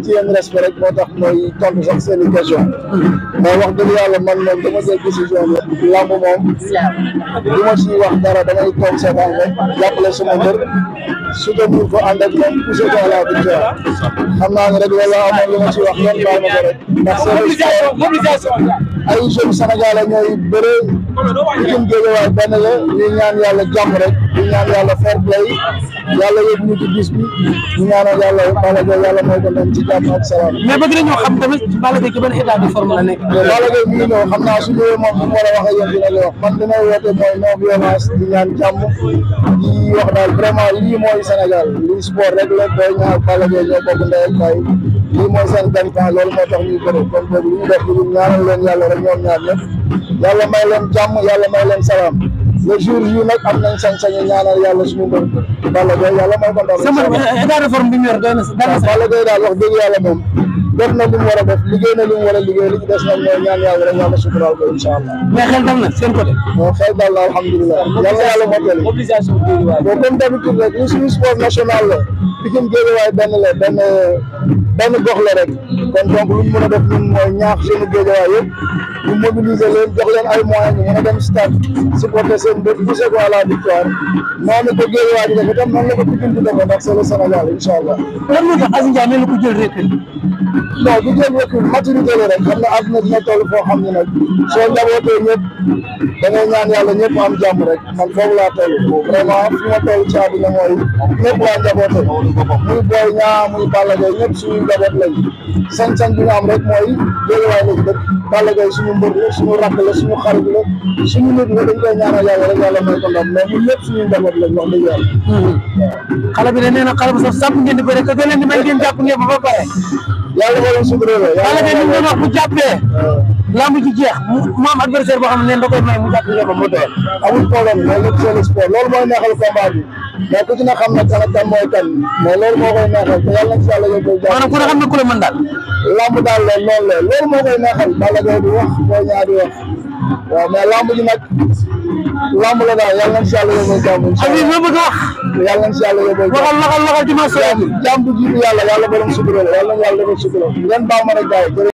am ci yenn respect rek moo tax mooy tontu sax seen i question mais wax dëgg yàlla man moom dama jël décision bi làmb moom du ma ciy wax dara damay toog seetaan rek jàppale sama mbër soutenir ko ànd ak moom pousser ko à la victoire xam naa rek loolu laa amoon lu ma ciy wax yan bàyyi ma ko rek ndax seen ay jeunes sénégalais ñooy bëre Pikine Guédiawaye benn la ñu ñaan yàlla jàmm rek ñu ñaan yàlla fair play yàlla yëpp ñu ci bis bi ñu ñaanal yàlla Balla Gaye yàlla mooy ko jàmm ak salaam. mais bëgg nañoo xam tamit Balla Gaye ci ban état de forme la nekk. Balla Gaye xam naa su ñëwee moom bu mu war a wax ak yéen dina la li may woote mooy non violence di ñaan jàmm di wax daal vraiment lii mooy Sénégal lii sport rek la Boy Niang Balla Gaye ñoo bokk ak baay lii mooy seen gantaan loolu moo leen yàlla rek ñoom may leen salaam. le jour yi nag am nañ sañ-sañu ñaanal yàlla suñu mbër Balla Gaye yàlla may ko ndam sama état de forme bi mu yor doy na sa Balla Gaye daal wax dëgg yàlla moom def na lu mu war a def liggéey na lu mu war a liggéey li ci des nag mooy ñaan yàlla rek yàlla suturaal ko incha allah mais xel dal na seen côté bon xel dal na alhamdulilah yàlla yàlla mottali mobilisation bon comme d'habitude rek ñu suñu sport national la Pikine Guédiawaye benn la benn benn gox la rek kon donc lu ñu mën a def ñun mooy ñaax suñu géejawaay yëpp ñu mobiliser leen jox leen ay moyens ñu mën a dem stade supporter seen bët pousser ko à la victoire noonu ko géejawaay di def itam noonu la ko Pikine jël recul. non du jël recul maturité la rek xam dina toll foo xam ne nag soo njabootee ñëpp da ñaan yàlla ñëpp am jàmm rek man foofu laa toll vraiment fi ma toll ci àdduna mooy ñëpp laa njaboote muy Boy Niang muy Balla ñëpp njaboot lañ sañ-sañ bi nga am rek mooy Géejawaay lañ dëkk Balla Gaye suñu mbër la suñu rakk la suñu xarit la suñu nit la dañ koy ñaanal yàlla rek yàlla may ko ndam mais ñun ñëpp suñu njaboot lañ wax dëgg yàlla hmm. xale bi de nee na xale bu sax sàpp ngeen di bëri que doo leen di may ngeen jàpp ngeen ba ba pare yàlla moo leen suturee Balla Gaye ñu doon wax bu jàppee lamb ji jeex mu am adversaire boo xam ne da koy may mu jàpp ngeen ba mu doon amul problème mais lépp seen sport loolu mooy neexal combat bi mais ku ci ne xam na kan ak kan mooy kan mais loolu moo koy neexal te yàlla na ci yàlla yóbbu jàmm maanaam ku ne xam na ku la mën daal lamb daal la noonu la loolu moo koy neexal Balla Gaye di wax Boy Niang di wax waaw lamb ji nag lamb la daal yàlla na ci yàlla yóbbu jàmm Habib ma bëgg wax yàlla na ci yàlla yóbbu jàmm waxal waxal waxal ci ma sooy jàmm bu jiitu yàlla yàlla borom sutura la yàlla na yàlla defal sutura ngeen baax ma rek daal